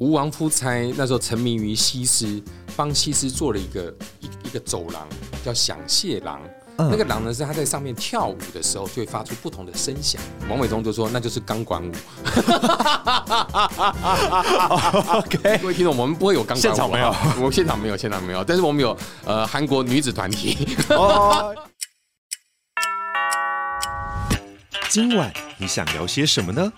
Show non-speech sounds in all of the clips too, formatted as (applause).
吳王夫差那時候沉迷於西施，幫西施做了一個一一,一個走廊，叫響屧廊。那個廊呢，是他在上面跳舞的時候就會發出不同的聲響。王偉忠就說：“那就是鋼管舞。 (laughs) 啊”啊啊啊啊 oh, okay. 各位聽眾，我們不會有鋼管舞。沒有，我們現場沒有，現場沒有。但是我們有呃韓國女子團體。 (laughs) oh. 今晚你想聊些什麼呢？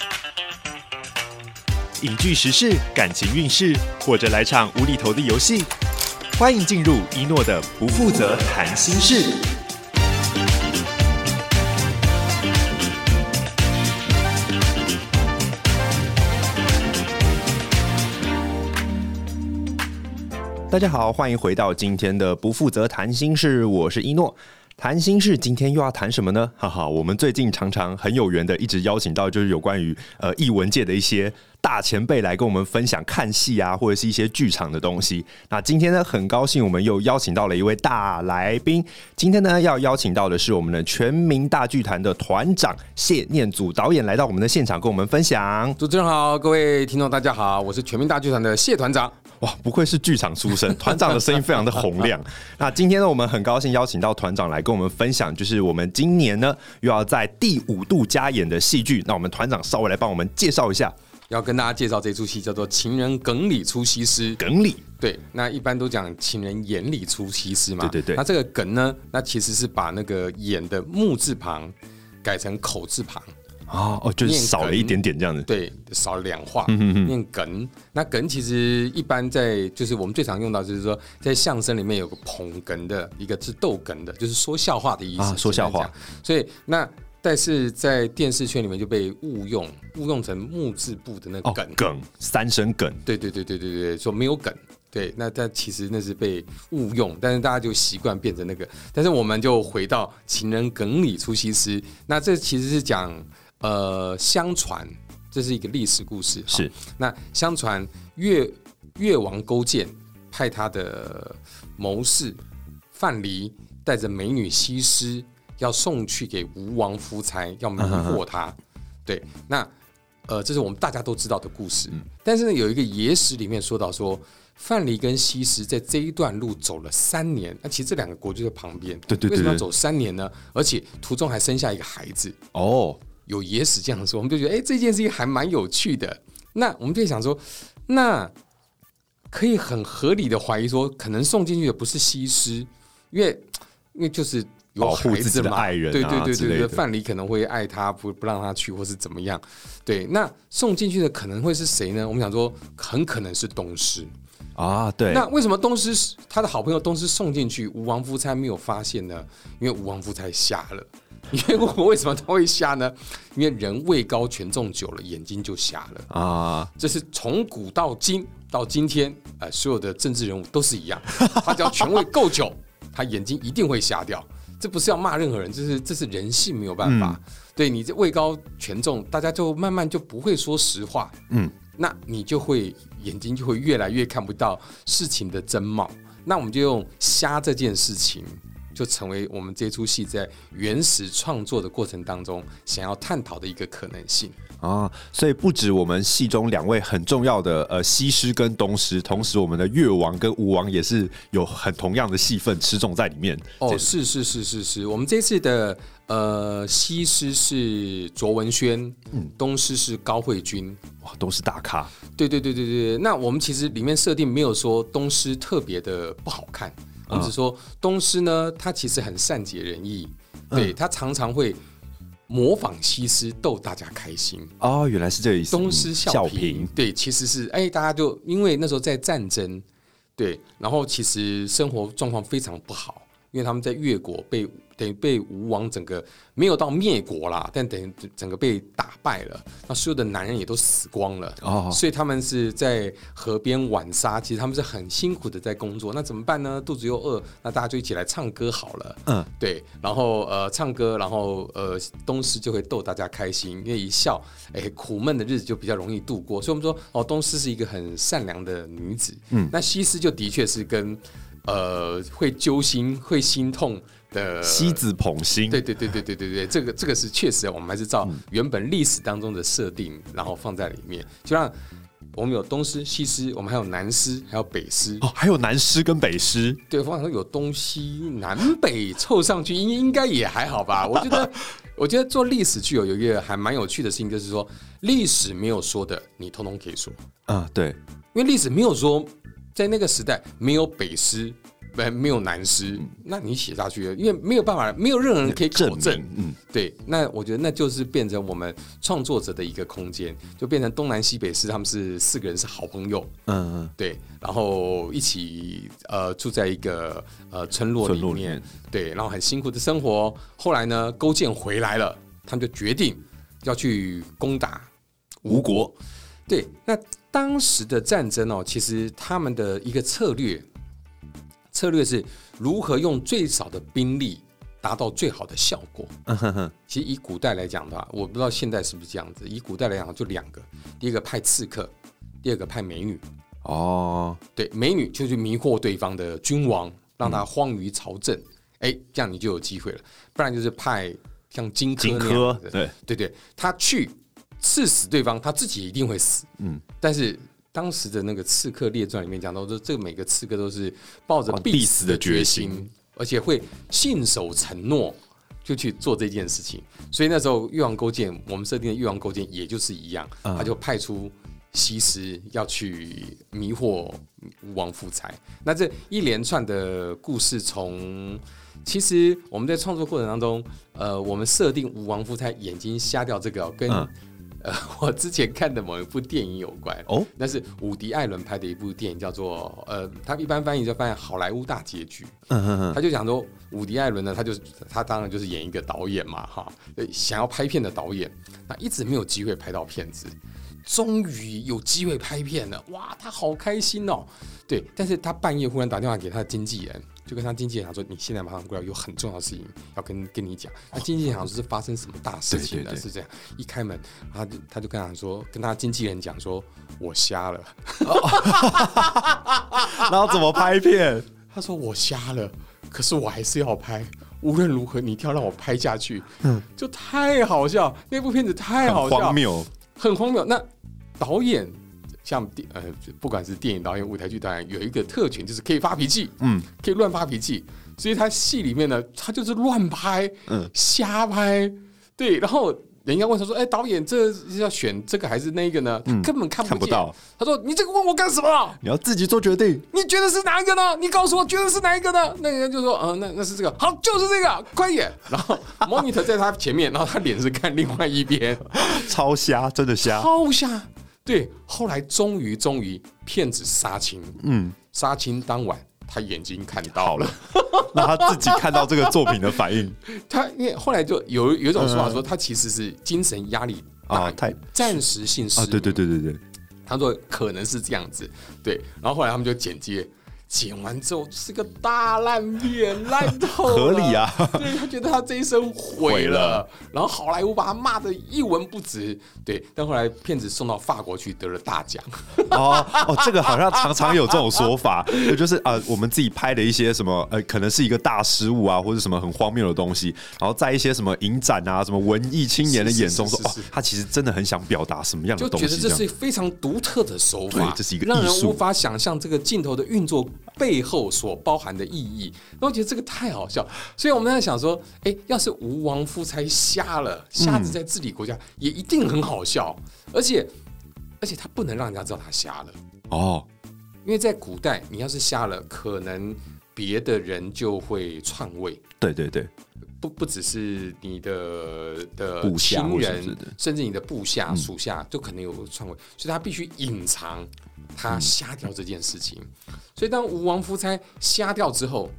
影劇時事、感情運勢，或者來場無厘頭的遊戲，歡迎進入一諾的不負責談心室。大家好，歡迎回到今天的不負責談心室，我是一諾。談心事，今天又要談什麼呢？哈哈，我們最近常常很有緣的，一直邀請到就是有關於呃藝文界的一些大前輩來跟我們分享看戲啊，或者是一些劇場的東西。那今天呢，很高興我們又邀請到了一位大來賓。今天呢，要邀請到的是我們的全民大劇團的團長謝念祖導演來到我們的現場，跟我們分享。主持人好，各位聽眾大家好，我是全民大劇團的謝團長。哇，不愧是劇場出身，團長的聲音非常的洪亮。 (laughs) 那今天呢，我們很高興邀請到團長來跟我們分享，就是我們今年呢又要在第五度加演的戲劇。那我們團長稍微來幫我們介紹一下，要跟大家介紹這出戲叫做《情人梗裡出西施》。梗裡，對，那一般都講情人眼裡出西施嘛。對對對。那這個梗呢，那其實是把那個眼的目字旁改成口字旁。哦，就是少了一點點這樣子，對，少兩畫、嗯。念梗，那梗其實一般在就是我們最常用到，就是說在相聲裡面有個捧哏的，一個是逗哏的，就是說笑話的意思。啊，說笑話。所以那但是在電視圈裡面就被誤用，誤用成木字部的那個梗，哦、梗三聲梗。對對對對對對，說沒有梗。對，那但其實那是被誤用，但是大家就習慣變成那個。但是我們就回到“情人哏裡出西施”，那這其實是講。呃，相傳這是一個歷史故事。是。那相傳越越王勾踐派他的謀士范蠡帶着美女西施要送去給吳王夫差，要迷惑他，啊呵呵。對，那呃，這是我們大家都知道的故事。嗯、但是呢，有一個野史裡面說到說，說范蠡跟西施在這一段路走了三年。那、啊、其實這兩個國就在旁邊，對，對對對。為什麼要走三年呢？而且途中還生下一個孩子哦。有野史這樣說，我們就覺得哎、欸，這件事情還蠻有趣的。那我們就想說，那可以很合理的懷疑說，可能送進去的不是西施，因為因為就是有孩子嘛，保護自己的愛人、啊，對對對對對，范蠡可能會愛他，不不讓他去，或是怎麼樣？對，那送進去的可能會是誰呢？我們想說，很可能是東施啊。對，那為什麼東施，他的好朋友東施送進去，吳王夫差沒有發現呢？因為吳王夫差瞎了。因為我為什麼他會瞎呢？因為人位高權重久了，眼睛就瞎了啊！Uh... 這是從古到今到今天，啊、呃，所有的政治人物都是一樣，他只要權位夠久， (laughs) 他眼睛一定會瞎掉。這不是要罵任何人，這是這是人性沒有辦法。嗯、對，你這位高權重，大家就慢慢就不會說實話。嗯，那你就會眼睛就會越來越看不到事情的真貌。那我們就用瞎這件事情，就成為我們這出戲在原始創作的過程當中想要探討的一個可能性啊、哦，所以不止我們戲中兩位很重要的呃西施跟東施，同時我們的越王跟吳王也是有很同樣的戲份吃重在裡面哦裡，是是是是是，我們這次的呃西施是卓文萱，嗯，東施是高慧君，哇，都是大咖，對對對對對，那我們其實裡面設定沒有說東施特別的不好看。就是說：“東施呢，他其實很善解人意，嗯、對，他常常會模仿西施逗大家開心。哦，原來是這個意思，東施效顰。對，其實是哎、欸，大家就因為那時候在戰爭，對，然後其實生活狀況非常不好。”因為他們在越國被等於被吳王整個沒有到滅國啦，但等於整個被打敗了，那所有的男人也都死光了。哦，哦，所以他們是在河邊浣紗，其實他們是很辛苦的在工作。那怎麼辦呢？肚子又餓，那大家就一起來唱歌好了。嗯，對，然後呃唱歌，然後呃東施就會逗大家開心，因為一笑，誒、欸，苦悶的日子就比較容易度過。所以我們說，哦，東施是一個很善良的女子。嗯，那西施就的確是跟。呃，會揪心，會心痛的西子捧心，對對對對對對對，這個這個是確實的，我們還是照原本歷史當中的設定，然後放在裡面。就像我們有東施、西施，我們還有南施，還有北施，哦，還有南施跟北施，對方說有東西南北湊上去，應應該也還好吧？我覺得， (laughs) 我覺得做歷史劇有有一個還蠻有趣的事情，就是說歷史沒有說的，你通通可以說啊、呃，對，因為歷史沒有說。在那個時代，沒有北施，沒有南施，嗯、那你寫下去了，因為沒有辦法，沒有任何人可以考證。嗯，對，那我覺得那就是變成我們創作者的一個空間，就變成東南西北施他們是四個人是好朋友。嗯嗯，對，然後一起呃住在一個呃村落裡面落，對，然後很辛苦的生活。後來呢，勾踐回來了，他們就決定要去攻打吳國，國。對，那。當時的戰爭哦、喔，其實他們的一個策略，策略是如何用最少的兵力達到最好的效果。 (laughs) 其實以古代來講的話，我不知道現在是不是這樣子。以古代來講，就兩個：第一個派刺客，第二個派美女。哦，對，美女就是迷惑對方的君王，讓他荒於朝政。哎、嗯欸，這樣你就有機會了。不然就是派像荊軻那樣的對，對對對，他去。刺死對方，他自己一定會死。嗯，但是當時的那個《刺客列傳》裡面講到說，這每個刺客都是抱着必死的決心、哦、死的決心，而且會信守承諾，就去做這件事情。所以那時候越王勾踐，我們設定的越王勾踐也就是一樣，嗯、他就派出西施要去迷惑吳王夫差。那這一連串的故事，從其實我們在創作過程當中，呃，我們設定吳王夫差眼睛瞎掉這個、喔、跟。嗯呃，我之前看的某一部電影有關哦，那是伍迪·艾倫拍的一部電影，叫做呃，他一般翻譯就翻譯《好萊塢大結局》。嗯哼哼，他就講說，伍迪·艾倫呢，他就是他當然就是演一個導演嘛，哈，想要拍片的導演，他一直沒有機會拍到片子，終於有機會拍片了，哇，他好開心哦、喔。對，但是他半夜忽然打電話給他的經紀人。就跟他經紀人說：“你現在馬上過來，有很重要的事情要跟跟你講。”他經紀人說：“是發生什麼大事情了？”是這樣。一開門，他他就跟他說：“跟他經紀人講，說我瞎了 (laughs) (laughs) (laughs) 然後怎麼拍片？” (laughs) 他說：“我瞎了，可是我還是要拍，無論如何你一定要讓我拍下去。”嗯，就太好笑，那部片子太好笑，很荒謬，很荒謬。那導演。像電呃，不管是電影導演、舞台劇導演，有一個特權就是可以發脾氣，嗯，可以亂發脾氣。所以他戲裡面呢，他就是亂拍，嗯，瞎拍，對。然後人家問他說：“哎、欸，導演，這是要選這個還是那個呢？”嗯、他根本看不看不到。他說：“你這個問我幹什麼？你要自己做決定。你覺得是哪一個呢？你告訴我，覺得是哪一個呢？”那個人就說：“嗯、呃，那那是這個，好，就是這個，快演。”然後 monitor 在他前面， (laughs) 然後他臉是看另外一邊，超瞎，真的瞎，超瞎。對，後來終於終於騙子殺青，嗯，殺青當晚他眼睛看到了，讓他自己看到這個作品的反應。 (laughs) 他因為後來就有有一種說法說，他其實是精神壓力啊太暫時性失明對、啊、對對對對，他說可能是這樣子，對，然後後來他們就剪接。剪完之後是個大爛片，爛透了。合理啊！對，他覺得他這一生毀了，了，然後好萊塢把他罵得一文不值。對，但後來片子送到法國去得了大獎。哦哦，這個好像常常有這種說法，啊啊啊、就，就是啊、呃，我們自己拍的一些什麼呃，可能是一個大失誤啊，或者什麼很荒謬的東西，然後在一些什麼影展啊、什麼文藝青年的眼中說，哇、哦，他其實真的很想表達什麼樣的東西？就覺得這是非常獨特的手法，對這是一個讓人無法想象這個鏡頭的運作。背後所包含的意義，那我覺得這個太好笑。所以我們在想說，哎、欸，要是吳王夫差瞎了，瞎子在治理國家也一定很好笑。嗯、而且，而且他不能讓人家知道他瞎了哦，因為在古代，你要是瞎了，可能別的人就會篡位。對對對，不不只是你的的親人是是的，甚至你的部下屬下都、嗯、可能有篡位，所以他必須隱藏他瞎掉這件事情。嗯嗯所以當吳王夫差瞎掉之後，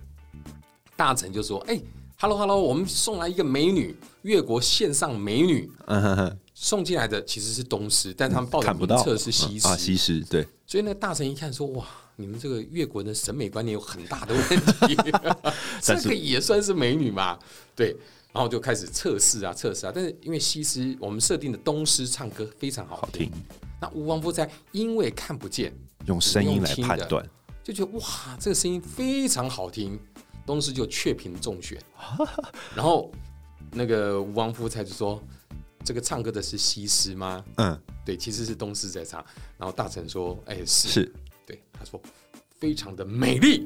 大臣就說：“哎，哈嘍，哈嘍，我們送來一個美女，越國獻上美女，嗯、呵呵送進來的其實是東施，但他們報的名冊是西施，嗯嗯啊。西施對，所以呢，大臣一看說：哇，你們這個越國的審美觀念有很大的問題。 (laughs) (laughs) 這個也算是美女嘛？對，然後就開始測試啊測試啊。但是因為西施，我們設定的東施唱歌非常好聽。好聽那吳王夫差因為看不見，用聲音來判斷。就覺得哇，這個聲音非常好聽，東施就雀屏中選，啊。然後那個吳王夫差就說：“這個唱歌的是西施嗎？”嗯，對，其實是東施在唱。然後大臣說：“哎，是。是”對，他說：“非常的美麗，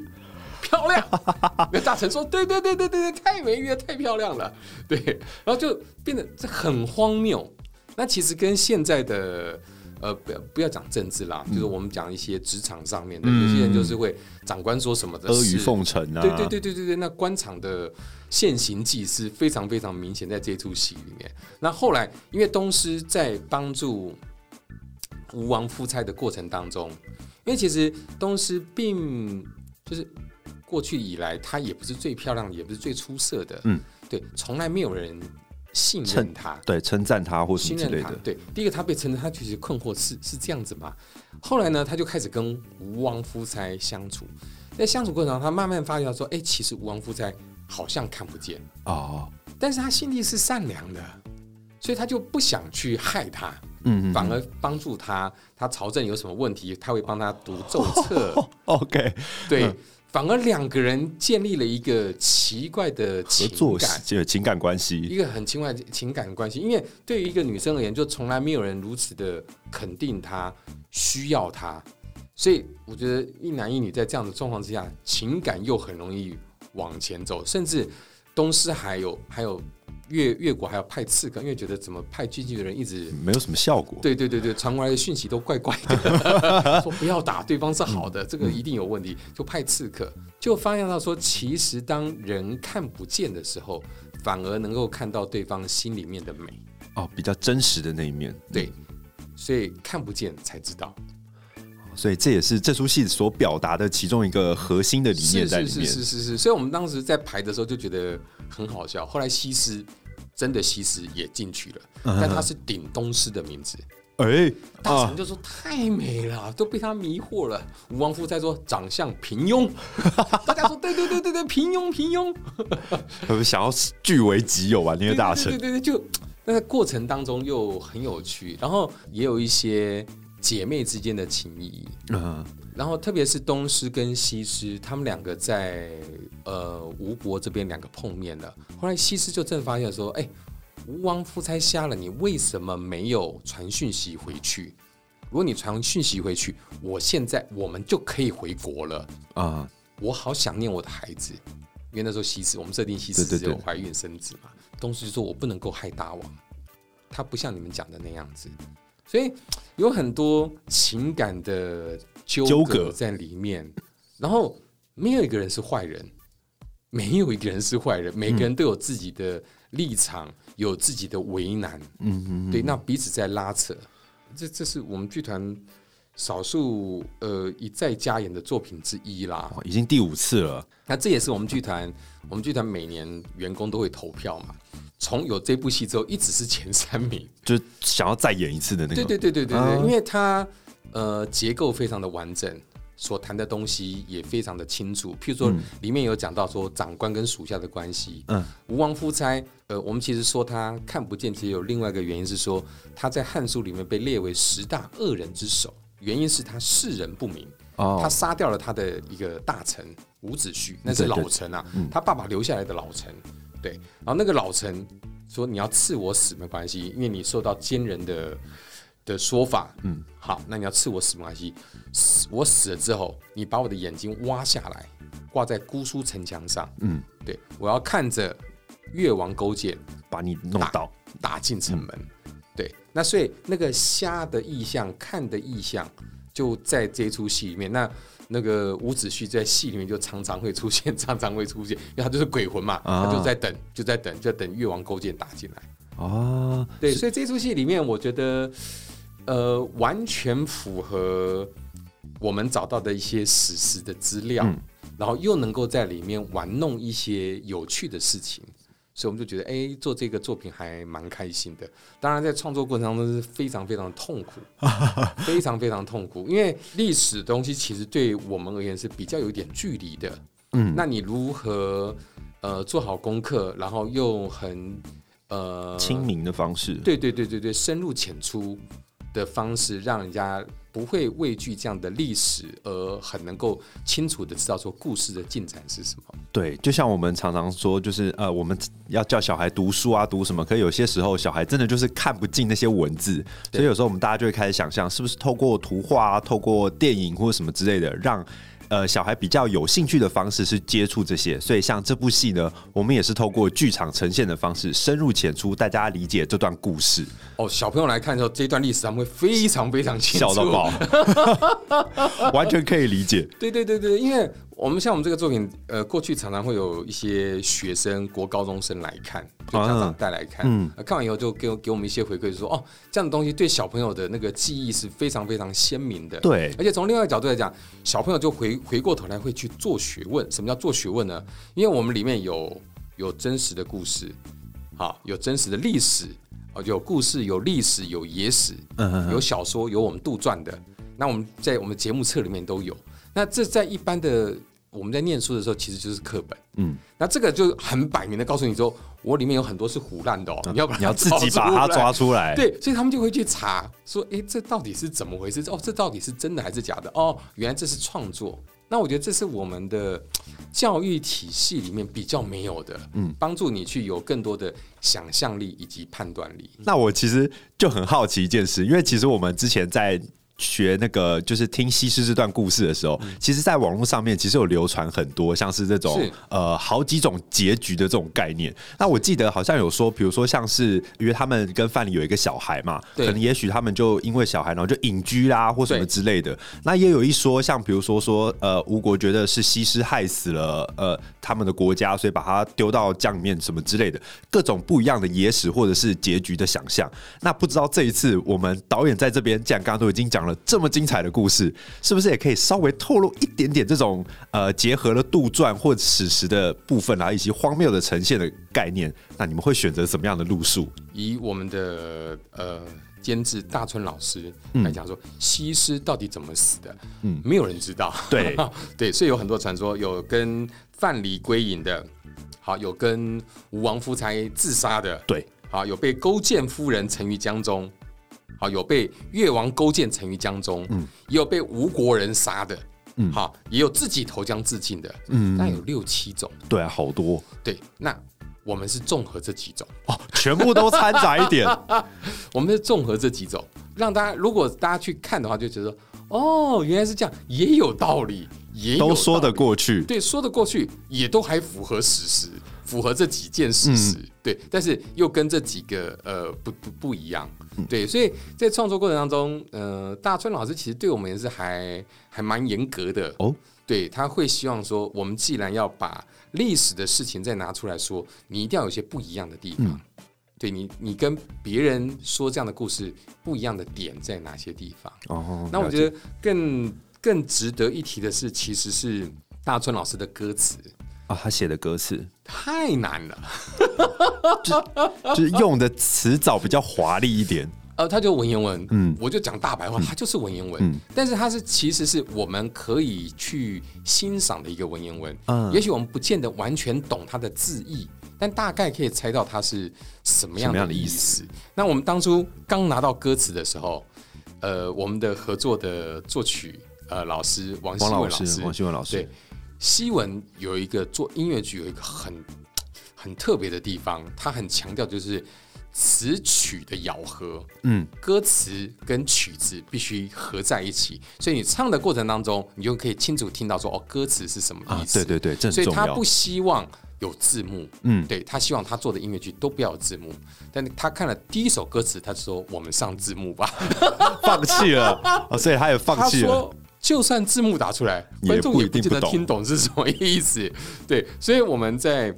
漂亮。 (laughs) ”那大臣說：“對，對，對，對，對，太美麗了，太漂亮了。”對，然後就變得這很荒謬。那其實跟現在的。呃，不要，不要講政治啦、嗯，就是我們講一些職場上面的、嗯，有些人就是會長官說什麼的阿諛奉承啊，對對對對對，那官場的現形記是非常非常明顯，在這出戲裡面。那後，後來，因為東施在幫助吳王夫差的過程當中，因為其實東施並就是過去以來，他也不是最漂亮，也不是最出色的，嗯，對，從來沒有人。信任他，對，稱讚他或者之類的。對，第一個他被稱讚，他其實困惑是是這樣子嘛。後來呢，他就開始跟吳王夫差相處，在相處過程中，他慢慢發現說，哎、欸，其實吳王夫差好像看不見哦，但是他心地是善良的，所以他就不想去害他，嗯，反而幫助他。他朝政有什麼問題，他會幫他讀奏摺。哦哦哦，OK、嗯、對。嗯反而兩個人建立了一個奇怪的合作感，就是情感關係，一個很奇怪的情感關係。因為對於一個女生而言，就從來沒有人如此的肯定她、需要她，所以我覺得一男一女在這樣的狀況之下，情感又很容易往前走，甚至。東施還有還有越越國還要派刺客，因為覺得怎麼派軍擊的人一直沒有什麼效果。對對對對，傳過來的訊息都怪怪的， (laughs) (laughs) 說不要打，對方是好的，這個一定有問題，就派刺客，就發現到說，其實當人看不見的時候，反而能夠看到對方心裡面的美哦，比較真實的那一面。對，所以看不見才知道。所以這也是這出戲所表達的其中一個核心的理念在裡面。是是是是,是,是,是所以我們當時在排的時候就覺得很好笑。後來西施真的西施也進去了、嗯，但他是頂東施的名字。哎、欸，大臣就說、啊、太美了，都被他迷惑了。吳王夫差說長相平庸， (laughs) 大家說對對對對對，平庸平庸。 (laughs) 可不是想要據為己有吧、啊？因為大臣對,對對對，就那個過程當中又很有趣，然後也有一些。姐妹之間的情誼，uh -huh. 然後特別是東施跟西施，他們兩個在呃吳國這邊兩個碰面了。後來西施就正發現說：“哎，吳王夫差瞎了，你為什麼沒有傳訊息回去？如果你傳訊息回去，我現在我們就可以回國了啊！Uh -huh. 我好想念我的孩子，因為那時候西施我們設定西施只有懷孕生子嘛。對對對。東施就說我不能夠害大王，他不像你們講的那樣子。”所以有很多情感的糾葛在裡面，然後沒有一個人是壞人，沒有一個人是壞人，每個人都有自己的立場，有自己的為難，嗯嗯，對，那彼此在拉扯，這這是我們劇團少數呃一再加演的作品之一啦，已經第五次了，那這也是我們劇團，我們劇團每年員工都會投票嘛。從有這部戲之後，一直是前三名，就想要再演一次的那個。對對對對對、oh. 因為他呃結構非常的完整，所談的東西也非常的清楚。譬如說、嗯、裡面有講到說長官跟屬下的關係，嗯，吳王夫差，呃，我們其實說他看不見，其實有另外一個原因是說他在《漢書》裡面被列為十大惡人之首，原因是他視人不明，哦、oh.，他殺掉了他的一個大臣伍子胥，那是老臣啊對對對，他爸爸留下來的老臣。嗯嗯對，然後那個老臣說：“你要賜我死沒關係，因為你受到奸人的的說法。嗯，好，那你要賜我死沒關係。我死了之後，你把我的眼睛挖下來，掛在姑蘇城牆上。嗯，對我要看着越王勾踐把你弄到打，打進城門，嗯。對，那所以那個瞎的意象，看的意象。”就在這一出戲裡面，那那個伍子胥在戲裡面就常常會出現，常常會出現，因為他就是鬼魂嘛，啊啊他就在等，就在等，就在等越王勾踐打進來啊。對，所以這出戲裡面，我覺得呃，完全符合我們找到的一些史實的資料，嗯，然後又能夠在裡面玩弄一些有趣的事情。所以我們就覺得，哎、欸，做這個作品還蠻開心的。當然，在創作過程中是非常非常痛苦， (laughs) 非常非常痛苦。因為歷史的東西其實對我們而言是比較有點距離的。嗯，那你如何呃做好功課，然後用很呃親民的方式？對對對對對，深入淺出的方式，讓人家。不會畏懼這樣的歷史，而很能夠清楚的知道說故事的進展是什麼。對，就像我們常常說，就是呃，我們要叫小孩讀書啊，讀什麼？可有些時候小孩真的就是看不進那些文字，所以有時候我們大家就會開始想象，是不是透過圖畫、透過電影或者什麼之類的，讓。呃，小孩比較有興趣的方式是接觸這些，所以像這部戲呢，我們也是透過劇場呈現的方式，深入淺出，帶大家理解這段故事。哦，小朋友來看的時候，這段歷史他們會非常非常清楚，笑到爆， (laughs) 完全可以理解。 (laughs) 對，對對對對，因為。我們像我們這個作品，呃，過去常常會有一些學生、國高中生來看，就家長帶來看，啊嗯，看完以後就給給我們一些回饋，就說哦，這樣的東西對小朋友的那個記憶是非常非常鮮明的。對，而且從另外一個角度來講，小朋友就回回過頭來會去做學問。什麼叫做學問呢？因為我們裡面有有真實的故事，好、哦，有真實的歷史，有故事，有歷史，有野史、嗯哼哼，有小說，有我們杜撰的。那我們在我們節目冊裡面都有。那這在一般的我們在唸書的時候，其實就是課本。嗯，那這個就很擺明的告訴你說，我裡面有很多是胡亂的哦，嗯，你要你要自己，哦，自己把它抓出來。對，所以他們就會去查，說，哎，這到底是怎麼回事？哦，這到底是真的還是假的？哦，原來這是創作。那我覺得這是我們的教育體系裡面比較沒有的，嗯，幫助你去有更多的想象力以及判斷力。那我其實就很好奇一件事，因為其實我們之前在。學那個就是聽西施這段故事的時候，其實在網絡上面其實有流傳很多，像是這種呃好幾種結局的這種概念。那我記得好像有說，比如說像是因為他們跟范蠡有一個小孩嘛，可能也許他們就因為小孩，然後就隱居啦或什麼之類的。那也有一說，像比如說說呃吳國覺得是西施害死了呃他們的國家，所以把他丟到江裡面什麼之類的，各種不一樣的野史或者是結局的想象。那不知道這一次我們導演在這邊，既然剛剛都已經講。這麼精彩的故事，是不是也可以稍微透露一點點這種呃，結合了杜撰或史實的部分啊，以及荒謬的呈現的概念？那你們會選擇什麼樣的路數？以我們的呃，監製大春老師來講說，嗯、西施到底怎麼死的？嗯，沒有人知道。對 (laughs) 對，所以有很多傳說，有跟范蠡歸隱的，好，有跟吳王夫差自殺的，對，好，有被勾踐夫人沉於江中。有被越王勾踐沉於江中，嗯，也有被吳國人殺的，嗯，哈，也有自己投江自盡的，嗯，那有六七種，對啊，好多，對，那我們是綜合這幾種，哦，全部都摻雜一點， (laughs) 我們是綜合這幾種，讓大家如果大家去看的話，就覺得哦，原來是這樣，也有道理，也有道理都說得過去，對，說得過去，也都還符合史實。符合這幾件事實、嗯，對，但是又跟這幾個呃不不不一樣，嗯，對，所以在創作過程當中，呃，大春老師其實對我們也是還還蠻嚴格的哦，對，他會希望說，我們既然要把歷史的事情再拿出來說，你一定要有些不一樣的地方，嗯、對你，你跟別人說這樣的故事不一樣的點在哪些地方？哦，哦，那我覺得更更值得一提的是，其實是大春老師的歌詞。啊，他寫的歌詞太難了， (laughs) 就就是用的詞藻比較華麗一點。呃，他就文言文，嗯，我就講大白話，他就是文言文，嗯、但是他是其實是我們可以去欣賞的一個文言文。嗯，也許我們不見得完全懂他的字義，但大概可以猜到他是什麼樣的意思。意思那我們當初剛拿到歌詞的時候，呃，我們的合作的作曲呃老師王希文老師，王希文老師。對西文有一個做音樂劇有一個很很特別的地方，他很強調就是詞曲的咬合，嗯，歌詞跟曲子必須合在一起，所以你唱的過程當中，你就可以清楚聽到說哦，歌詞是什麼意思。啊、對對對，所以他不希望有字幕，嗯，對他希望他做的音樂劇都不要有字幕。但他看了第一首歌詞，他就說我們上字幕吧，放棄了， (laughs) 哦，所以他也放棄了。就算字幕打出來，觀眾也不見得聽懂是什麼意思。對，所以我們在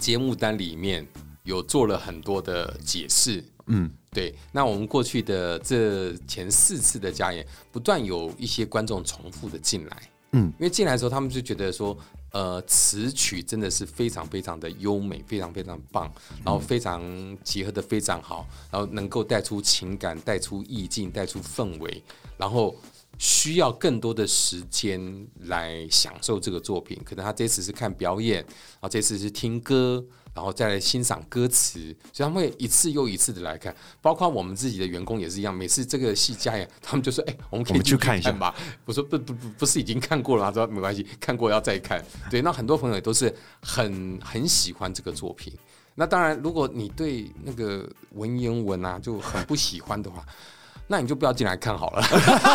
節目單裡面有做了很多的解釋。嗯，對。那我們過去的這前四次的加演，不斷有一些觀眾重複的進來。嗯，因為進來的時候，他們就覺得說，呃，詞曲真的是非常非常的優美，非常非常棒，然後非常結合得非常好，嗯、然後能夠帶出情感，帶出意境，帶出氛圍，然後。需要更多的時間來享受這個作品，可能他這次是看表演，然後這次是聽歌，然後再來欣賞歌詞，所以他們會一次又一次的來看。包括我們自己的員工也是一樣，每次這個戲加演，他們就說：“哎、欸，我們可以去看一下吧。”我說不：“不不不，不是已經看過了。”他說：“沒關係，看過要再看。”對，那很多朋友也都是很很喜歡這個作品。那當然，如果你對那個文言文啊就很不喜歡的話。那你就不要進來看好了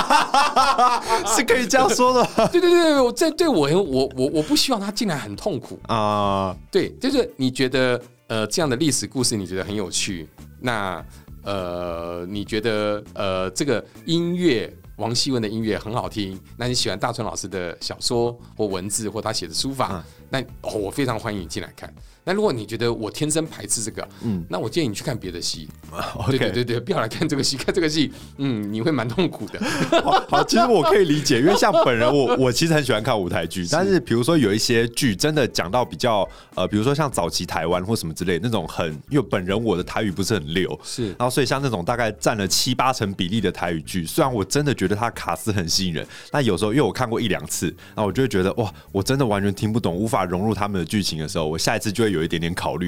(laughs) (laughs) 是可以這樣說的。 (laughs) 對，對對對，我這對我我我我不希望他進來很痛苦啊、嗯。對，就是你覺得呃這樣的歷史故事你覺得很有趣，那呃你覺得呃這個音樂王希文的音樂很好聽，那你喜歡大春老師的小說或文字或他寫的書法，嗯、那、哦、我非常歡迎你進來看。那如果你覺得我天生排斥這個，嗯，那我建議你去看別的戲，嗯。OK，對對對，不要來看這個戲，看這個戲，嗯，你會蠻痛苦的。好，好，其實我可以理解， (laughs) 因為像本人我，我我其實很喜歡看舞台劇，但是比如說有一些劇，真的講到比較呃，比如說像早期台灣或什麼之類那種很，因為本人我的台語不是很溜，是，然後所以像那種大概占了七八成比例的台語劇，雖然我真的覺得他卡斯很吸引人，但有時候因為我看過一兩次，那我就會覺得哇，我真的完全聽不懂，無法融入他們的劇情的時候，我下一次就會。有一點點考慮。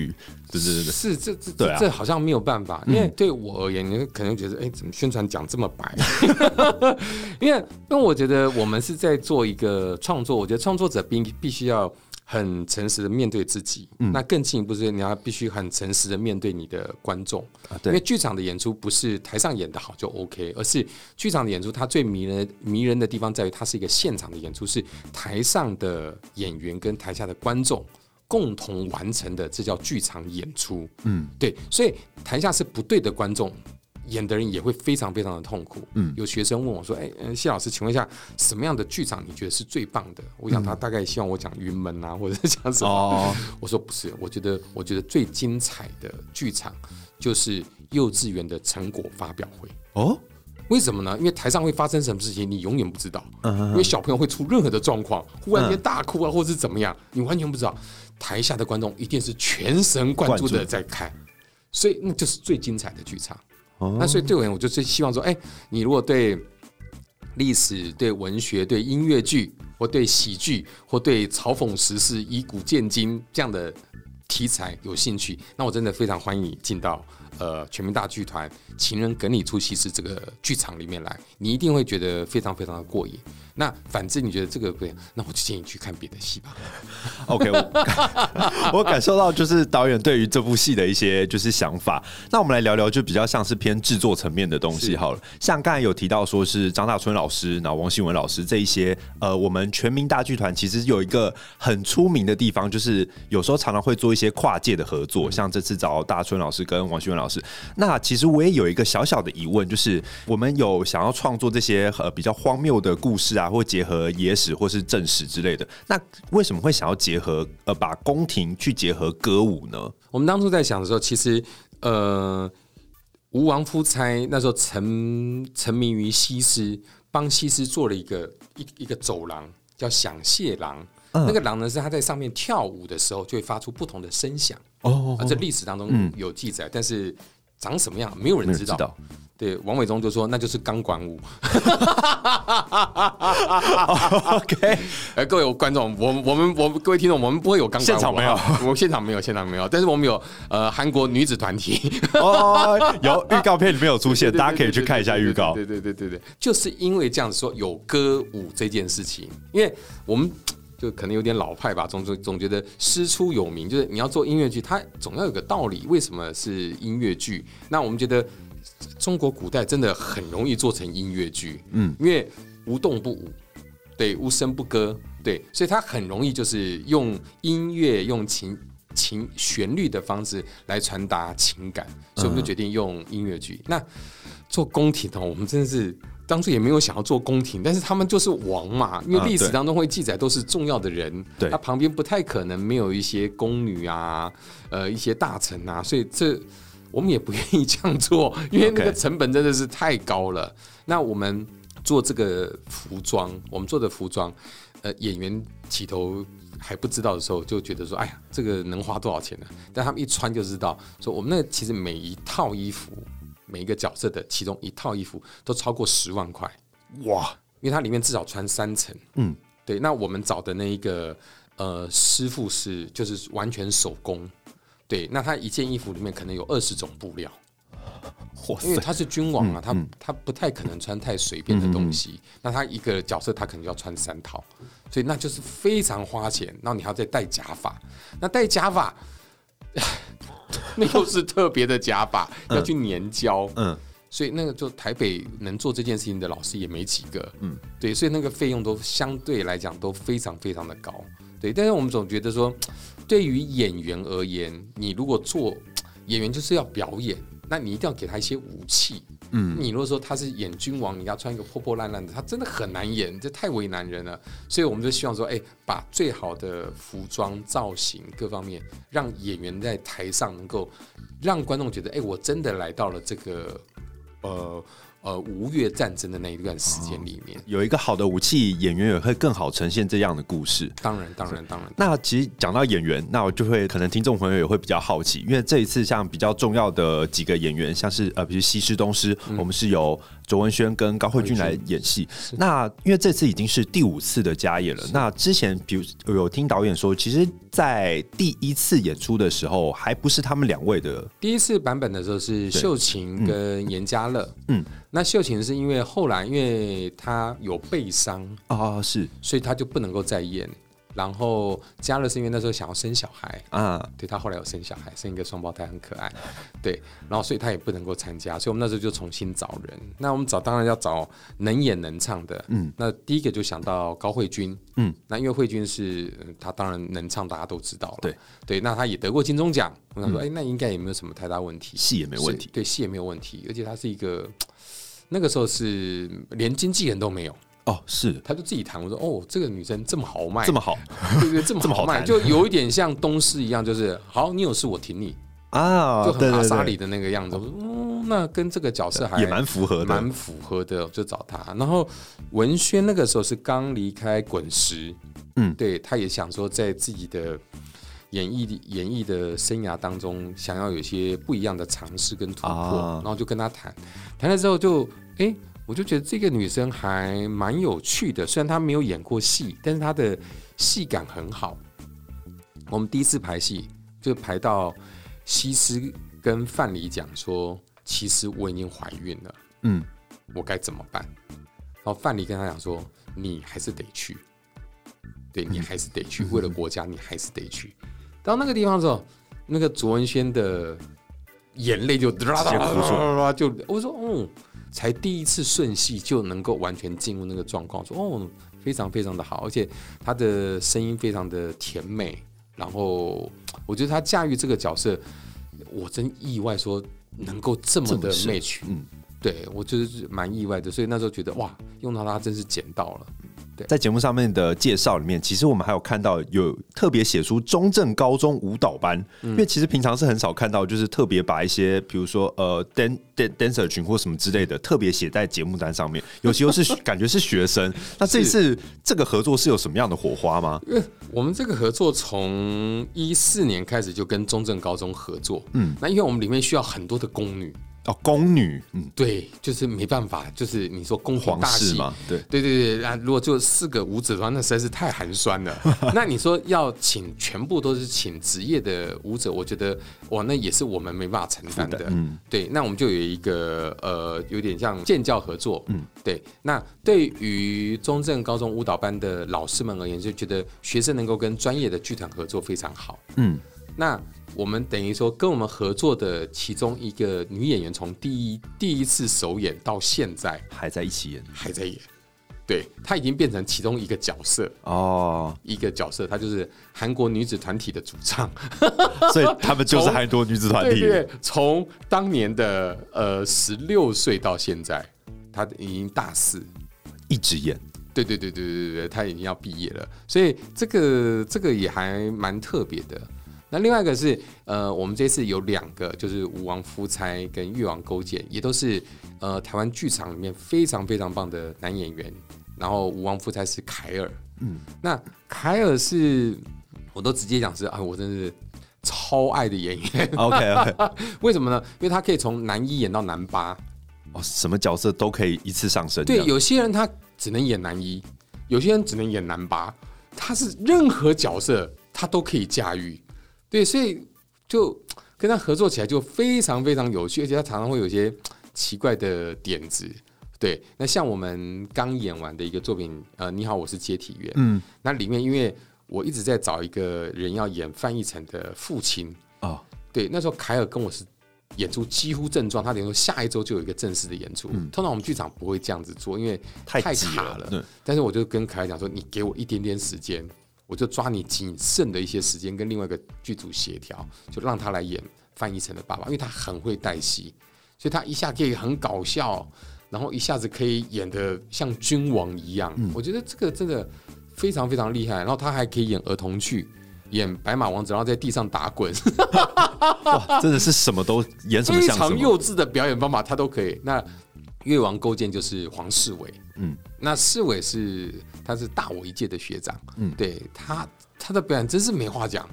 對對對對是是是，這這對。啊嗯、這好像沒有辦法，因為對我而言，你可能覺得，哎、欸，怎麼宣傳講這麼白？ (laughs) 因為那我覺得我們是在做一個創作，我覺得創作者必必須要很誠實的面對自己，嗯，那更進一步是你要必須很誠實的面對你的觀眾，啊、因為劇場的演出不是台上演得好就 OK，而是劇場的演出它最迷人迷人的地方在於它是一個現場的演出，是台上的演員跟台下的觀眾。共同完成的，這叫劇場演出。嗯，對，所以台下是不對的觀眾，演的人也會非常非常的痛苦。嗯，有學生問我說：“哎、欸，謝老師，請問一下，什麼樣的劇場你覺得是最棒的？”我想他大概希望我講雲門啊，嗯、或者講什麼。哦、我說：“不是，我覺得我覺得最精彩的劇場就是幼稚園的成果發表會。”哦，為什麼呢？因為台上會發生什麼事情，你永遠不知道。嗯哼哼，因為小朋友會出任何的狀況，忽然間大哭啊，嗯、或者是怎麼樣，你完全不知道。台下的觀眾一定是全神貫注的在看，所以那就是最精彩的劇場哦。哦、那所以對我，我就最希望說，哎、欸，你如果對歷史、對文學、對音樂劇，或對喜劇，或對嘲諷時事、以古鑑今這樣的題材有興趣，那我真的非常歡迎你進到呃全民大劇團《情人哏裡出西施》這個劇場裡面來，你一定會覺得非常非常的過癮。那反正你覺得這個不行，那我就建議你去看別的戲吧。OK，我感 (laughs) 我感受到就是導演對於這部戲的一些就是想法。那我們來聊聊，就比較像是偏制作層面的東西好了。像剛才有提到說是張大春老師，然後王希文老師這一些，呃，我們全民大劇團其實有一個很出名的地方，就是有時候常常會做一些跨界的合作，像這次找大春老師跟王希文老師。那其實我也有一個小小的疑問，就是我們有想要創作這些呃比較荒謬的故事啊。或結合野史或是正史之類的，那為什麼會想要結合？呃，把宮廷去結合歌舞呢？我們當初在想的時候，其實，呃，吳王夫差那時候沉沉迷於西施，幫西施做了一個一一,一個走廊，叫響謝廊。那個廊呢，是他在上面跳舞的時候就會發出不同的聲響。哦，哦，哦，哦，這歷史當中有記載，嗯，但是長什麼樣，沒有人知道。對，王偉忠就說：“那就是鋼管舞。 (laughs) okay ” OK、欸、哎，各位觀眾，我們我們我們各位聽眾，我們不會有鋼管舞，現場沒有，我們現場沒有，現場沒有，但是我們有呃韓國女子團體， (laughs) oh, oh, oh, oh, oh, oh, (laughs) 有預告片裡面有出現，對對對對對，大家可以去看一下預告。對對對對對，對對對對對，就是因為這樣子說有歌舞這件事情，因為我們就可能有點老派吧，總總總覺得師出有名，就是你要做音樂劇，它總要有個道理，為什麼是音樂劇？那我們覺得。中國古代真的很容易做成音樂劇，嗯，因為無動不舞，對，無聲不歌，對，所以他很容易就是用音樂、用情情旋律的方式來傳達情感，所以我們就決定用音樂劇、嗯。那做宮廷呢、喔？我們真的是當初也沒有想要做宮廷，但是他們就是王嘛，因為歷史當中會記載都是重要的人，啊、對，他旁邊不太可能沒有一些宮女啊，呃，一些大臣啊，所以這。我們也不願意這樣做，因為那個成本真的是太高了。Okay。那我們做這個服裝，我們做的服裝，呃，演員起頭還不知道的時候，就覺得說，哎呀，這個能花多少錢呢，啊？但他們一穿就知道，說我們那其實每一套衣服，每一個角色的其中一套衣服都超過十萬塊，哇！因為它裡面至少穿三層。嗯，對。那我們找的那一個呃師傅是，就是完全手工。對，那他一件衣服裡面可能有二十種布料，因為他是君王啊，嗯、他他不太可能穿太隨便的東西，嗯。那他一個角色，他可能就要穿三套，所以那就是非常花錢。然後你還要再戴假髮，那戴假髮， (laughs) 那又是特別的假髮， (laughs) 要去粘膠，嗯，所以那個就台北能做這件事情的老師也沒幾個，嗯，對，所以那個費用都相對來講都非常非常的高。對，但是我們總覺得說，對於演員而言，你如果做演員就是要表演，那你一定要給他一些武器。嗯，你如果說他是演君王，你要穿一個破破爛爛的，他真的很難演，這太為難人了。所以我們就希望說，哎，把最好的服裝、造型各方面，讓演員在台上能夠讓觀眾覺得，哎，我真的來到了這個，呃。呃，吳越戰爭的那一段時間裡面，嗯，有一個好的武器，演員也會更好呈現這樣的故事。當然，當然，當然。那其實講到演員，那我就會可能聽眾朋友也會比較好奇，因為這一次像比較重要的幾個演員，像是呃，比如西施、東施、嗯，我們是由。卓文萱跟高慧君來演戲，啊，那因為這次已經是第五次的加演了。那之前，比如有聽導演說，其實，在第一次演出的時候，還不是他們兩位的第一次版本的時候，是秀琴跟嚴家樂，嗯嗯。嗯，那秀琴是因為後來，因為她有背傷啊，是，所以她就不能夠再演。然後嘉樂是因為那時候想要生小孩啊，對，他後來有生小孩，生一個雙胞胎，很可愛，對。然後所以他也不能夠參加，所以我們那時候就重新找人。那我們找當然要找能演能唱的，嗯。那第一個就想到高慧君，嗯。那因為慧君是她當然能唱，大家都知道了，對對。那她也得過金鐘獎，我想說，誒、嗯欸，那應該也沒有什麼太大問題，戲也沒問題，對，戲也沒有問題，而且她是一個那個時候是連經紀人都沒有。哦，是，他就自己談。我說，哦，這個女生這麼豪邁，這麼好，對不對,對？這麼豪邁，就有一點像東施一樣，就是好，你有事我挺你啊，就很阿莎裡的那個樣子對對對。我說，嗯，那跟這個角色還蠻符合的，蠻符合的。就找他，然後文軒那個時候是剛離開滾石，嗯，對，他也想說在自己的演藝演藝的生涯當中，想要有些不一樣的嘗試跟突破、啊，然後就跟他談，談了之後就哎。欸我就覺得這個女生還蠻有趣的，雖然她沒有演過戲，但是她的戲感很好。我們第一次排戲就排到西施跟范蠡講說：“其實我已經懷孕了，嗯，我該怎麼辦？”然後范蠡跟他講說：“你還是得去，對你還是得去，為了國家你還是得去。”到那個地方的時候，那個卓文萱的眼淚就噠噠噠就我說嗯。才第一次順戲就能夠完全進入那個狀況，說哦，非常非常的好，而且他的聲音非常的甜美，然後我覺得他駕馭這個角色，我真意外，說能夠這麼的 match，嗯，對我就是蠻意外的，所以那時候覺得哇，用到他真是撿到了。對，在節目上面的介紹裡面，其實我們還有看到有特別寫出中正高中舞蹈班，嗯，因為其實平常是很少看到，就是特別把一些比如說呃，danc Dan, dancer 群或什麼之類的特別寫在節目單上面，尤其又是 (laughs) 感覺是學生。那這次這個合作是有什麼樣的火花嗎？因為我們這個合作從一四年開始就跟中正高中合作，嗯，那因為我們裡面需要很多的宮女。哦，宮女，嗯，對，就是沒辦法，就是你說宮廷大戲嘛，對，對對對，那如果就四個舞者的話，那實在是太寒酸了。 (laughs) 那你說要請全部都是請職業的舞者，我覺得哇，那也是我們沒辦法承擔的，的。嗯，對，那我們就有一個呃，有點像建教合作，嗯，對。那對於中正高中舞蹈班的老師們而言，就覺得學生能夠跟專業的劇團合作非常好。嗯，那。我們等於說，跟我們合作的其中一個女演員，從第一第一次首演到現在還在一起演，還在演，對，她已經變成其中一個角色哦，一個角色，她就是韓國女子團體的主唱，所以他們就是韓國女子團體。從當年的呃十六歲到現在，她已經大四，一直演，對對對對對對對，她已經要畢業了，所以這個這個也還蠻特別的。那另外一個是，呃，我們這次有兩個，就是吳王夫差跟越王勾踐，也都是，呃，台灣劇場裡面非常非常棒的男演員。然後吳王夫差是凱爾，嗯，那凱爾是，我都直接講是啊，我真的是超愛的演員。OK，okay。為什麼呢？因為他可以從男一演到男八，哦，什麼角色都可以一次上身。對，有些人他只能演男一，有些人只能演男八，他是任何角色他都可以駕馭。對，所以就跟他合作起來就非常非常有趣，而且他常常會有一些奇怪的點子。對，那像我們剛演完的一個作品，呃，你好，我是接體員。嗯，那裡面因為我一直在找一個人要演范逸臣的父親啊，哦。對，那時候凱爾跟我是演出幾乎正狀，他等於說下一周就有一個正式的演出。嗯，通常我們劇場不會這樣子做，因為太卡了太對。但是我就跟凱爾講說：“你給我一點點時間。”我就抓你僅剩的一些時間，跟另外一個劇組協調，就讓他來演范逸臣的爸爸，因為他很會帶戲，所以他一下可以很搞笑，然後一下子可以演得像君王一樣。嗯、我覺得這個真的非常非常厲害。然後他還可以演兒童劇，演白馬王子，然後在地上打滾 (laughs) ，哇，真的是什麼都演什麼像什麼，非常幼稚的表演方法，他都可以。那。越王勾踐就是黃世偉，嗯，那世偉是他是大我一屆的學長，嗯，對，他他的表演真是沒話講，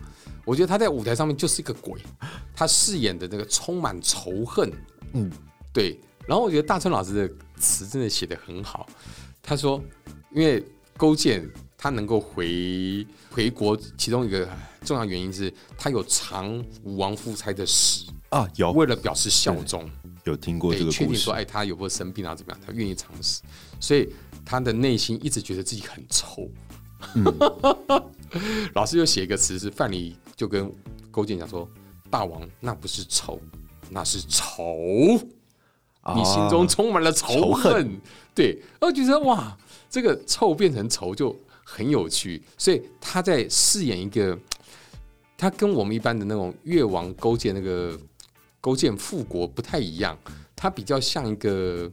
我覺得他在舞台上面就是一個鬼，他飾演的那個充滿仇恨，嗯，對，然後我覺得大春老師的詞真的寫得很好，他說，因為勾踐他能夠回回國，其中一個重要原因是他有嚐吳王夫差的屎啊，有為了表示效忠。有聽過這個故事，確定說，哎，他有沒有生病啊？怎麼樣？他願意嘗試，所以他的內心一直覺得自己很臭、嗯。 (laughs) 老師又寫一個詞，是范蠡就跟勾踐講說：“大王，那不是愁，那是仇、啊。你心中充滿了仇恨。仇恨”對，然後覺得哇，這個“臭”變成“仇”就很有趣。所以他在飾演一個，他跟我們一般的那種越王勾踐那個勾踐復國不太一樣，他比較像一個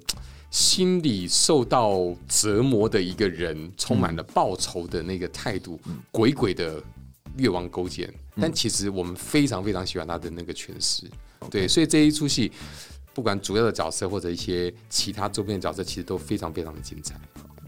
心裡受到折磨的一個人，充滿了報仇的那個態度、嗯，鬼鬼的越王勾踐。但其實我們非常非常喜歡他的那個詮釋、嗯，對，所以這一出戲，不管主要的角色或者一些其他周邊的角色，其實都非常非常的精彩。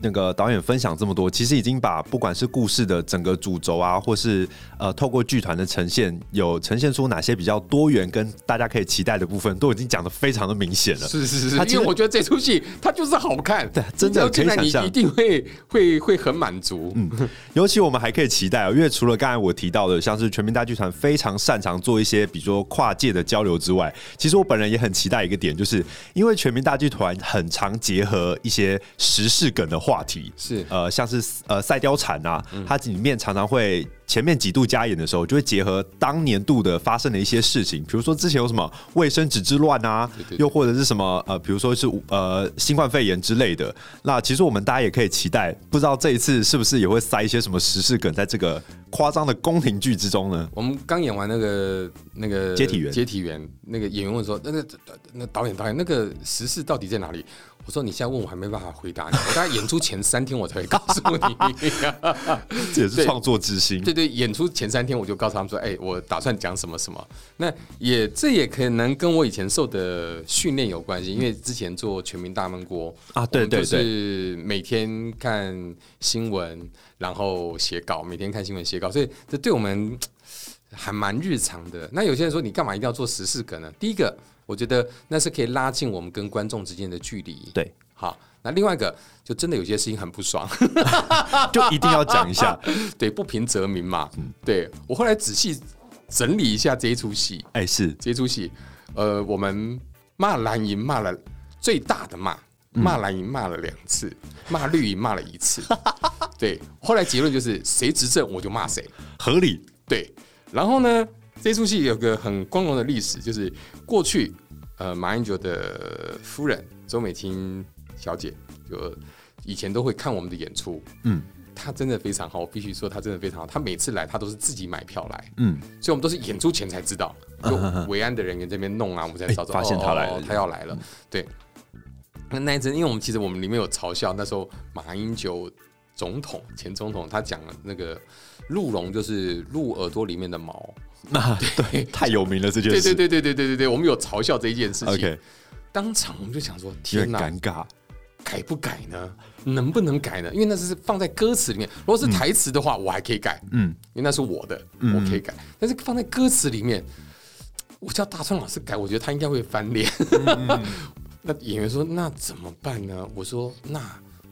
那個導演分享這麼多，其實已經把不管是故事的整個主軸啊，或是呃透過劇團的呈現，有呈現出哪些比較多元跟大家可以期待的部分，都已經講得非常的明顯了。是是是，其實因為我覺得這出戲它就是好看。對，真的你，你可以想像你一定會會會很滿足。嗯，尤其我們還可以期待啊，因為除了剛才我提到的，像是全民大劇團非常擅長做一些，比如說跨界的交流之外，其實我本人也很期待一個點，就是因為全民大劇團很常結合一些時事梗的，話題是呃，像是呃《賽貂蟬》啊、嗯，它裡面常常會前面幾度加演的時候，就會結合當年度的發生的一些事情，比如說之前有什麼衛生紙之亂啊，對對對，又或者是什麼呃，比如說是呃新冠肺炎之類的。那其實我們大家也可以期待，不知道這一次是不是也會塞一些什麼時事梗在這個誇張的宮廷劇之中呢？我們剛演完那個那個接體員，接體員那個演員問說：“那那個、那導演導演，那個時事到底在哪裡？”我說你現在問我還沒辦法回答你，我大概演出前三天我才會告訴你，這也是創作之心。對對,對，演出前三天我就告訴他們說：“哎，我打算講什麼什麼。”那也這也可能跟我以前受的訓練有關係，因為之前做全民大悶鍋啊，對對對，每天看新聞，然後寫稿，每天看新聞寫稿，所以這對我們。還蠻日常的。那有些人說你幹嘛一定要做十四個呢？第一個，我覺得那是可以拉近我們跟觀眾之間的距離。對，好。那另外一個，就真的有些事情很不爽， (laughs) 就一定要講一下。 (laughs) 對，不平則鳴嘛。對，我後來仔細整理一下這一出戲，哎、欸，是這一出戲。呃，我們罵藍營罵了最大的罵，罵、嗯、藍營罵了兩次，罵綠營罵了一次。 (laughs) 對，後來結論就是誰執政我就罵誰，合理。對。然後呢，這出戲有個很光榮的歷史，就是過去，呃，馬英九的夫人周美青小姐，就以前都會看我們的演出，嗯，她真的非常好，我必須說，她真的非常好。她每次來，她都是自己買票來，嗯，所以我們都是演出前才知道，就維安的人員在那邊弄啊，我們才找找、嗯哦欸，發現他來了，她、哦哦哦、要來了，嗯、對。那那一次，因為我們其實我們裡面有嘲笑，那時候馬英九總統、前總統，他講那個。鹿茸就是鹿耳朵裡面的毛。那對,對，太有名了這件事。對對對對對對對對，我們有嘲笑這一件事情。OK，當場我們就想說，天吶、啊，尷尬，改不改呢？能不能改呢？因為那是放在歌詞裡面。如果是台詞的話、嗯，我還可以改。嗯，因為那是我的，嗯、我可以改。但是放在歌詞裡面，我叫大川老師改，我覺得他應該會翻臉。嗯、 (laughs) 那演員說：“那怎麼辦呢？”我說：“那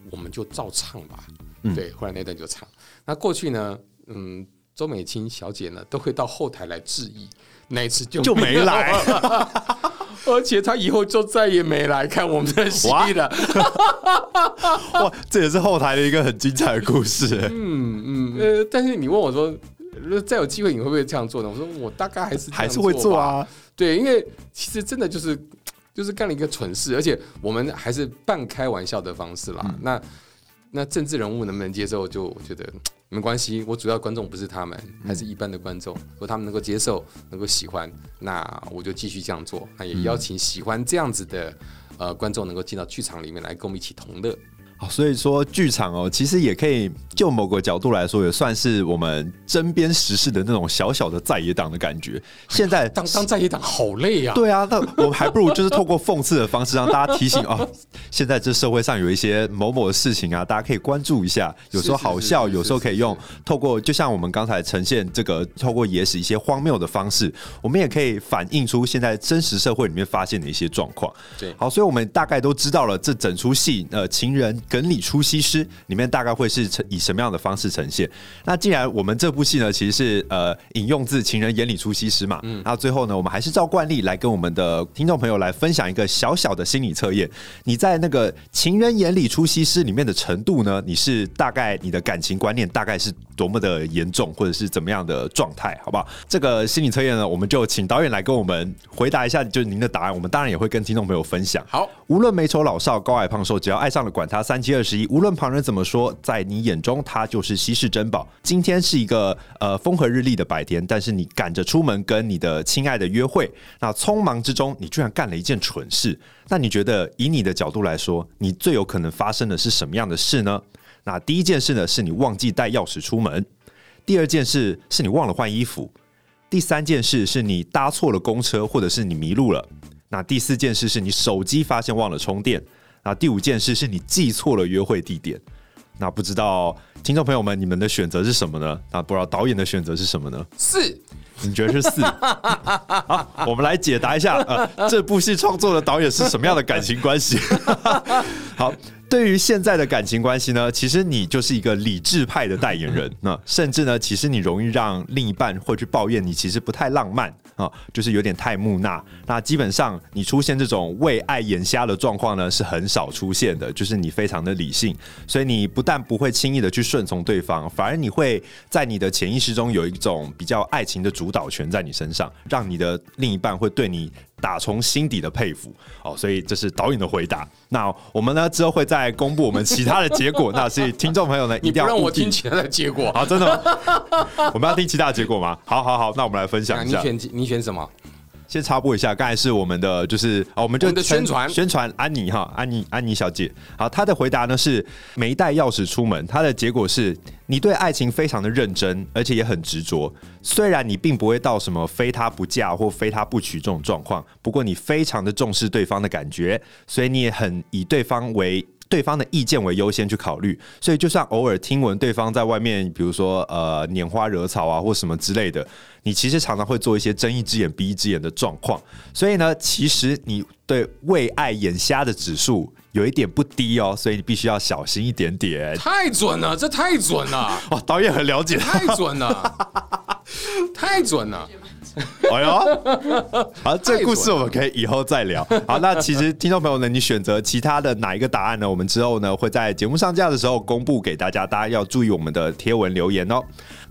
我們就照唱吧。嗯”對，後來那段就唱。那過去呢？嗯，周美青小姐呢，都會到後台來致意。那一次就就沒來， (laughs) (laughs) 而且她以後就再也沒來看我們的戲了哇。 (laughs) 哇，這也是後台的一個很精彩的故事嗯。嗯嗯，呃，但是你問我說，如果再有機會你會不會這樣做呢？我說我大概還是還是會做啊。對，因為其實真的就是就是幹了一個蠢事，而且我們還是半開玩笑的方式啦。嗯、那。那政治人物能不能接受？就我覺得沒關係，我主要觀眾不是他們，還是一般的觀眾，嗯。如果他們能夠接受、能夠喜歡，那我就繼續這樣做。那也邀請喜歡這樣子的、嗯、呃觀眾，能夠進到劇場裡面來，跟我們一起同樂。好，所以說劇場哦，其實也可以就某個角度來說，也算是我們針砭時事的那種小小的在野黨的感覺。哎、現在當當在野黨好累啊，對啊，那我們還不如就是透過諷刺的方式讓大家提醒啊、 (laughs) 哦，現在這社會上有一些某某的事情啊，大家可以關注一下。有時候好笑，是是是是是是，有時候可以用透過，就像我們剛才呈現這個透過野史一些荒謬的方式，我們也可以反映出現在真實社會裡面發現的一些狀況。對，好，所以我們大概都知道了這整出戲，呃，情人。梗裡出西施”裡面大概會是呈以什麼樣的方式呈現？那既然我們這部戲呢，其實是呃引用自“情人眼裡出西施”嘛，嗯，那最後呢，我們還是照慣例來跟我們的聽眾朋友來分享一個小小的心理測驗。你在那個“情人眼裡出西施”裡面的程度呢？你是大概你的感情觀念大概是多麼的嚴重，或者是怎麼樣的狀態？好不好？這個心理測驗呢，我們就請導演來跟我們回答一下，就是您的答案。我們當然也會跟聽眾朋友分享。好，無論美醜老少高矮胖瘦，只要愛上了，管他三。三七二十一，無論旁人怎麼說，在你眼中它就是稀世珍寶。今天是一個呃風和日麗的白天，但是你趕着出門跟你的親愛的約會，那匆忙之中你居然幹了一件蠢事。那你覺得以你的角度來說，你最有可能發生的是什麼樣的事呢？那第一件事呢，是你忘記帶鑰匙出門；第二件事是你忘了換衣服；第三件事是你搭錯了公車，或者是你迷路了；那第四件事是你手機發現忘了充電。那第五件事是你記錯了約會地點。那不知道聽眾朋友們，你們的選擇是什麼呢？那不知道導演的選擇是什麼呢？四，你覺得是四？ (laughs) (laughs) 好，我們來解答一下，呃，這部戲創作的導演是什麼樣的感情關係？ (laughs) 好，對於現在的感情關係呢，其實你就是一個理智派的代言人。那甚至呢，其實你容易讓另一半會去抱怨你，你其實不太浪漫。啊、哦，就是有點太木訥。那基本上，你出現這種為愛眼瞎的狀況呢，是很少出現的。就是你非常的理性，所以你不但不會輕易的去順從對方，反而你會在你的潛意識中有一種比較愛情的主導權在你身上，讓你的另一半會對你。打從心底的佩服，哦，所以這是導演的回答。那我們呢之後會再公布我們其他的結果。那所以聽眾朋友呢一定要讓我聽其他的結果。好，真的嗎？我們要聽其他的結果嗎？好，好，好，那我們來分享一下。你選你選什麼？先插播一下，剛才是我們的就是啊、哦，我們就我們的宣傳宣傳安妮哈，安妮安妮小姐。好，她的回答呢是沒帶鑰匙出門。她的結果是，你對愛情非常的認真，而且也很執着。雖然你並不會到什麼非他不嫁或非他不娶這種狀況，不過你非常的重視對方的感覺，所以你也很以對方為對方的意見為優先去考慮。所以就算偶爾聽聞對方在外面，比如說呃拈花惹草啊或什麼之類的。你其實常常會做一些睜一隻眼閉一隻眼的狀況，所以呢，其實你對為愛眼瞎的指數有一點不低哦，所以你必須要小心一點點。太準了，這太準了！哇、 (laughs) 哦，導演很了解。太準了， (laughs) 太準了。 (laughs) (laughs) 哎呦，好，這個、故事我們可以以後再聊。好，那其實聽眾朋友呢，你選擇其他的哪一個答案呢？我們之後呢會在節目上架的時候公布給大家，大家要注意我們的貼文留言哦。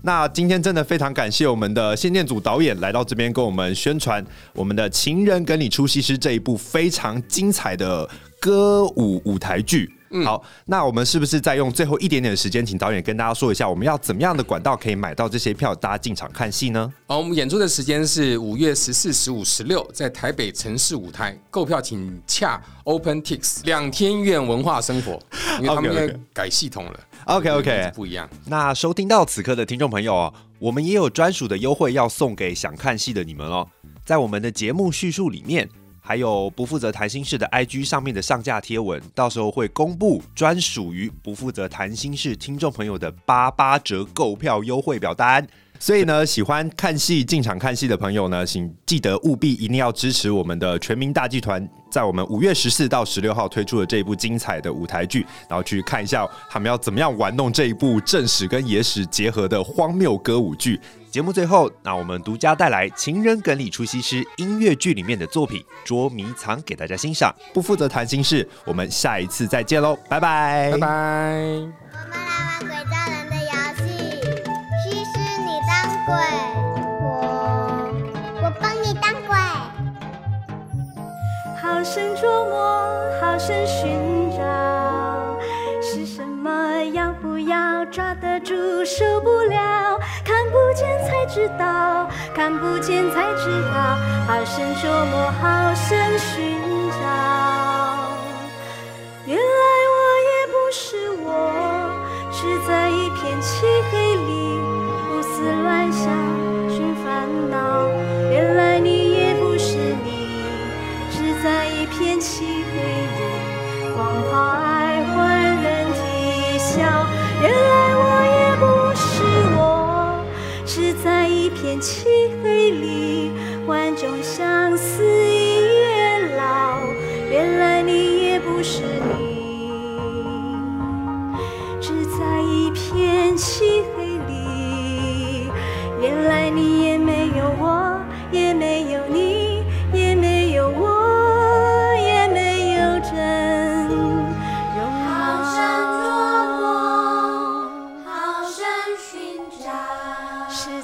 那今天真的非常感謝我們的謝念祖導演來到這邊跟我們宣傳我們的《情人哏裡出西施》這一部非常精彩的歌舞舞台劇。嗯、好，那我們是不是再用最後一點點的時間，請導演跟大家說一下，我們要怎麼樣的管道可以買到這些票，大家進場看戲呢？好，我們演出的時間是五月十四、十五、十六，在台北城市舞台購票，請洽 OPENTIX 兩廳院文化生活，因為他們改系統了。 (laughs) OK OK, okay, okay. 不一樣。那收聽到此刻的聽眾朋友哦，我們也有專屬的優惠要送給想看戲的你們哦，在我們的節目敘述裡面。還有不負責談心室的 IG 上面的上架貼文，到時候會公布專屬於不負責談心室聽眾朋友的八八折購票優惠表單。所以呢，喜歡看戲、進場看戲的朋友呢，請記得務必一定要支持我們的全民大劇團，在我們五月十四到十六號推出的這一部精彩的舞台劇，然後去看一下他們要怎麼樣玩弄這一部正史跟野史結合的荒謬歌舞劇。節目最後，那我們獨家帶來《情人哏裡出西施》音樂劇裡面的作品《捉迷藏》給大家欣賞。不負責談心室，我們下一次再見嘍，拜拜，拜拜。好生琢磨，好生尋找，是什麼？要不要抓得住？受不了，看不見才知道，看不見才知道。好生琢磨，好生尋找。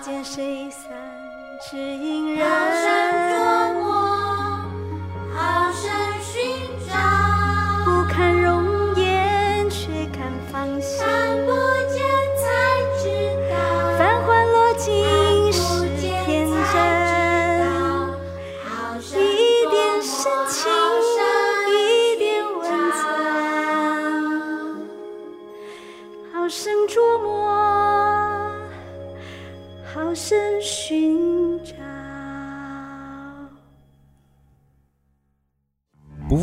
見誰散，只因人。